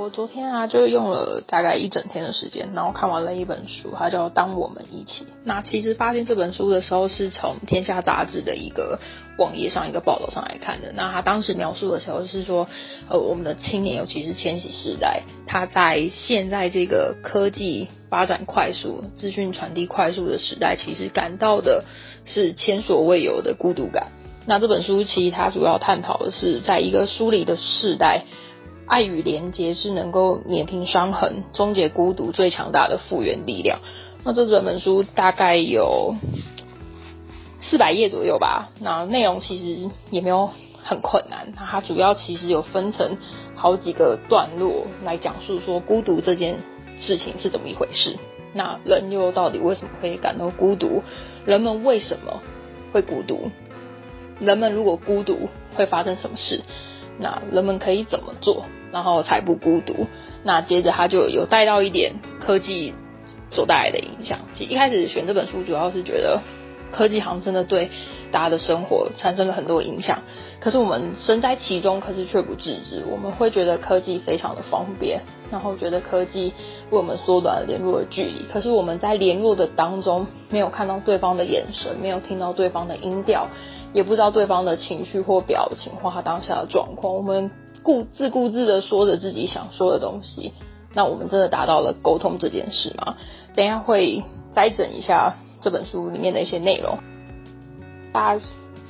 我昨天啊，就用了大概一整天的時間，然後看完了一本書，它叫《當我們一起》。那其實發現這本書的時候，是從《天下》雜誌的一個網頁上一個報道上來看的。那他當時描述的時候是說，呃，我們的青年，尤其是千禧世代，他在現在這個科技發展快速、資訊傳遞快速的時代，其實感到的是前所未有的孤獨感。那這本書其實它主要探討的是，在一個疏離的時代。愛與連結是能夠弭平傷痕、終結孤獨最強大的復原力量。那這整本書大概有四百頁左右吧。那內容其實也沒有很困難。它主要其實有分成好幾個段落來講述說孤獨這件事情是怎麼一回事。那人又到底為什麼會感到孤獨？人們為什麼會孤獨？人們如果孤獨會發生什麼事？那人們可以怎麼做，然後才不孤獨？那接着他就有帶到一點科技所帶來的影響。其實一開始選這本書，主要是覺得。科技行真的對大家的生活產生了很多影響，可是我們身在其中，可是卻不自知。我們會覺得科技非常的方便，然後覺得科技為我們縮短了聯絡的距離。可是我們在聯絡的當中，沒有看到對方的眼神，沒有聽到對方的音調，也不知道對方的情緒或表情或他當下的狀況。我們固自顧自的說着自己想說的東西，那我們真的達到了溝通這件事嗎？等一下會摘整一下。這本書裡面的一些內容，大家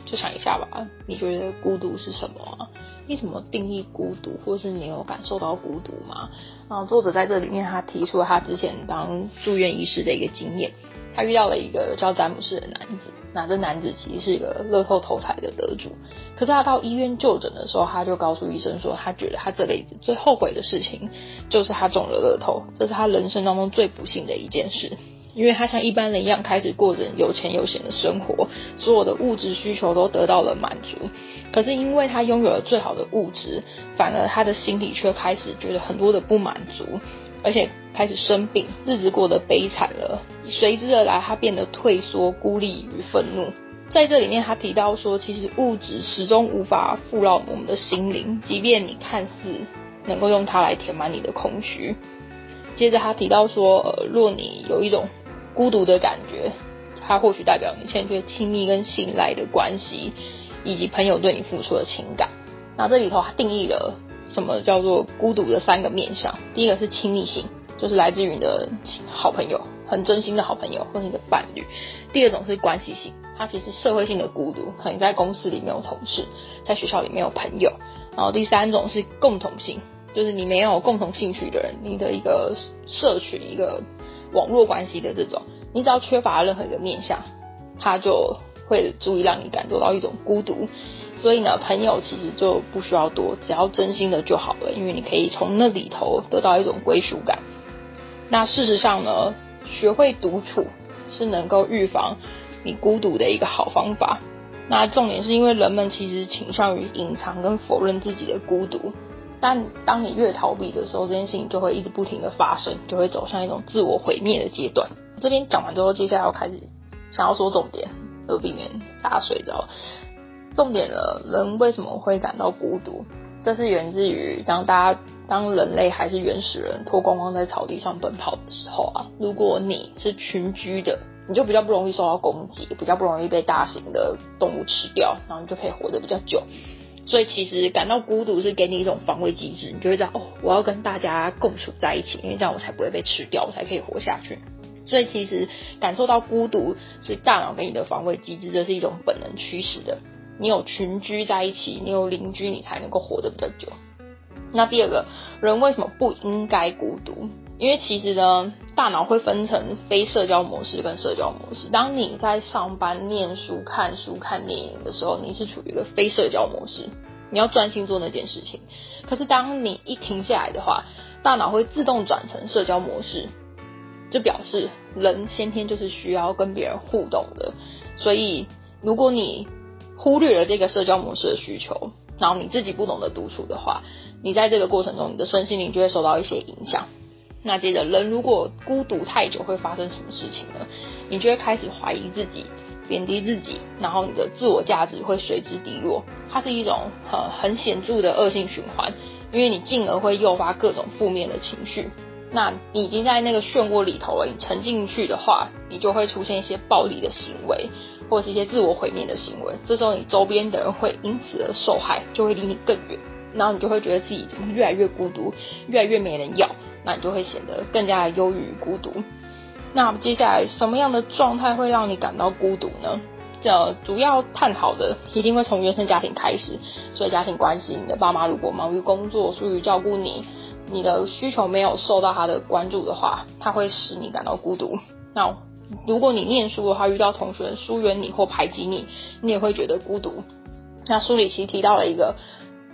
就想一下吧。你覺得孤獨是什麼啊？你怎麼定義孤獨，或是你有感受到孤獨嗎？啊，作者在這裡面他提出了他之前當住院醫師的一個經驗。他遇到了一個叫詹姆斯的男子，那這男子其實是一個樂透頭彩的得主。可是他到醫院就診的時候，他就告訴醫生說，他覺得他這輩子最後悔的事情就是他中了樂透，這是他人生當中最不幸的一件事。因為他像一般人一樣開始過着有錢有閒的生活，所有的物質需求都得到了滿足。可是因為他擁有了最好的物質，反而他的心裡却開始覺得很多的不滿足，而且開始生病，日子過得悲慘了。隨之而來，他變得退縮、孤立與憤怒。在這裡面，他提到說，其實物質始終無法富饒我們的心靈，即便你看似能夠用它來填滿你的空虛。接着他提到說，呃，若你有一種孤獨的感覺，它或許代表你欠缺親密跟信賴的關係，以及朋友對你付出的情感。那這裡頭它定義了什麼叫做孤獨的三個面向？第一個是親密性，就是來自於你的好朋友，很真心的好朋友或你的伴侶；第二種是關係性，它其實社會性的孤獨，可能在公司裡沒有同事，在學校裡沒有朋友；然後第三種是共同性，就是你沒有共同興趣的人，你的一個社群，一個。網絡關係的這種，你只要缺乏任何一個面向，它就會足以讓你感受到一種孤獨。所以呢，朋友其實就不需要多，只要真心的就好了，因為你可以從那裡頭得到一種歸屬感。那事實上呢，學會獨處是能夠預防你孤獨的一個好方法。那重點是因為人們其實傾向於隱藏跟否認自己的孤獨。但當你越逃避的時候，這件事情就會一直不停的發生，就會走向一種自我毀滅的階段。這邊講完之後，接下來要開始想要說重點，就避免打瞌睡。重點了，人為什麼會感到孤獨？這是源自於當大家當人類還是原始人，脫光光在草地上奔跑的時候啊。如果你是群居的，你就比較不容易受到攻擊，比較不容易被大型的動物吃掉，然後你就可以活得比較久。所以其實感到孤獨是給你一種防衛機制，你就會知道，哦，我要跟大家共處在一起，因為這樣我才不會被吃掉，我才可以活下去。所以其實感受到孤獨是大腦給你的防衛機制，這是一種本能驅使的。你有群居在一起，你有鄰居，你才能夠活得比較久。那第二個人為什麼不應該孤獨？因為其實呢，大腦會分成非社交模式跟社交模式。當你在上班、念書、看書、看電影的時候，你是處於一個非社交模式。你要專心做那件事情，可是當你一停下來的話，大腦會自動轉成社交模式，就表示人先天就是需要跟別人互動的。所以如果你忽略了這個社交模式的需求，然後你自己不懂得獨處的話，你在這個過程中，你的身心靈就會受到一些影響。那接着，人如果孤獨太久，會發生什麼事情呢？你就會開始懷疑自己。貶低自己，然後你的自我價值會隨之低落，它是一種很、很顯著的惡性循環，因為你進而會誘發各種負面的情緒。那你已經在那個漩渦裡頭了，你沉進去的話，你就會出現一些暴力的行為，或者是一些自我毀滅的行為。這時候你周邊的人會因此而受害，就會離你更遠，然後你就會覺得自己已經越來越孤獨，越來越沒人要，那你就會顯得更加的憂鬱與孤獨。那接下來什麼樣的狀態會讓你感到孤獨呢？這、呃、主要探討的一定會從原生家庭開始。所以家庭關係，你的爸媽如果忙於工作，疏於照顧你，你的需求沒有受到他的關注的話，他會使你感到孤獨。那如果你念書的話，遇到同學疏遠你或排擠你，你也會覺得孤獨。那書裡其實提到了一個，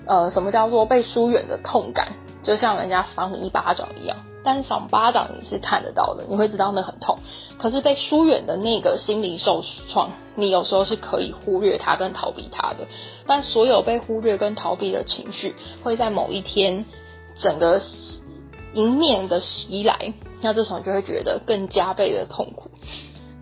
呃，什麼叫做被疏遠的痛感？就像人家扇你一巴掌一樣。但是賞巴掌你是看得到的，你會知道那很痛。可是被疏遠的那個心靈受創，你有時候是可以忽略它跟逃避它的。但所有被忽略跟逃避的情緒，會在某一天整個迎面的襲來，那這時候就會覺得更加倍的痛苦。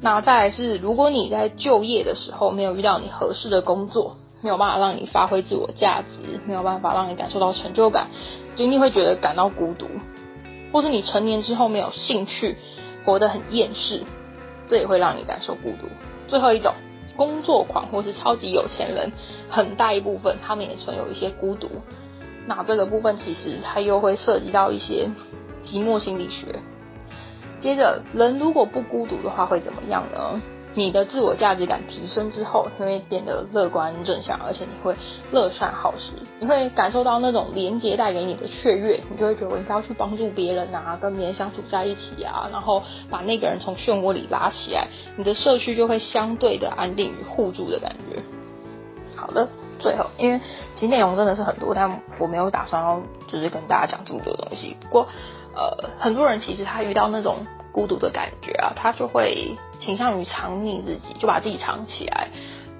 那再來是，如果你在就業的時候沒有遇到你合適的工作，沒有辦法讓你發揮自我價值，沒有辦法讓你感受到成就感，所以你會覺得感到孤獨。或是你成年之後沒有興趣，活得很厭世，這也會讓你感受孤獨。最後一種，工作狂或是超級有錢人，很大一部分他們也存有一些孤獨。那這個部分其實它又會涉及到一些寂寞心理學。接着，人如果不孤獨的話會怎麼樣呢？你的自我價值感提升之後，你會變得樂觀正向，而且你會樂善好施，你會感受到那種連結帶給你的雀躍，你就會覺得我應該要去幫助別人啊，跟別人相處在一起啊，然後把那個人從漩渦裡拉起來，你的社區就會相對的安定與互助的感覺。好的，最後，因為其實內容真的是很多，但我沒有打算要就是跟大家講這麼多東西。不過，呃，很多人其實他遇到那種。孤獨的感覺啊，他就會傾向於藏匿自己，就把自己藏起來。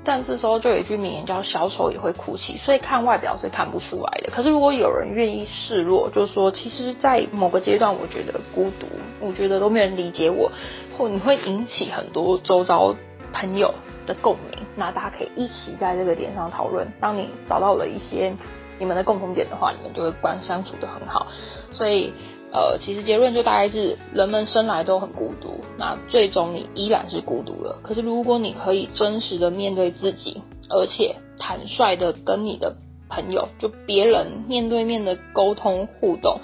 但這時候就有一句名言叫“小丑也會哭泣”，所以看外表是看不出來的。可是如果有人願意示弱，就是說，其實，在某個階段，我覺得孤獨，我覺得都沒有人理解我，或你會引起很多周遭朋友的共鳴。那大家可以一起在這個點上討論。當你找到了一些你們的共同點的話，你們就會關相處得很好。所以。呃，其實結論就大概是人們生來都很孤獨，那最終你依然是孤獨的。可是如果你可以真實的面對自己，而且坦率的跟你的朋友，就別人面對面的溝通互動，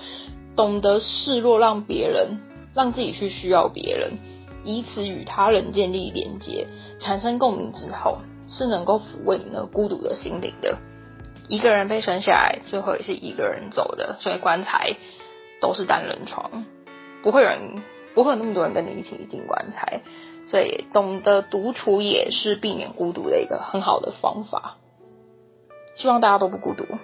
懂得示弱，讓別人讓自己去需要別人，以此與他人建立連接，產生共鳴之後，是能夠撫慰你的孤獨的心靈的。一個人被生下來，最後也是一個人走的，所以棺材。都是單人床，不會有人，不會有那麼多人跟你一起進棺材，所以懂得獨處也是避免孤獨的一個很好的方法。希望大家都不孤獨。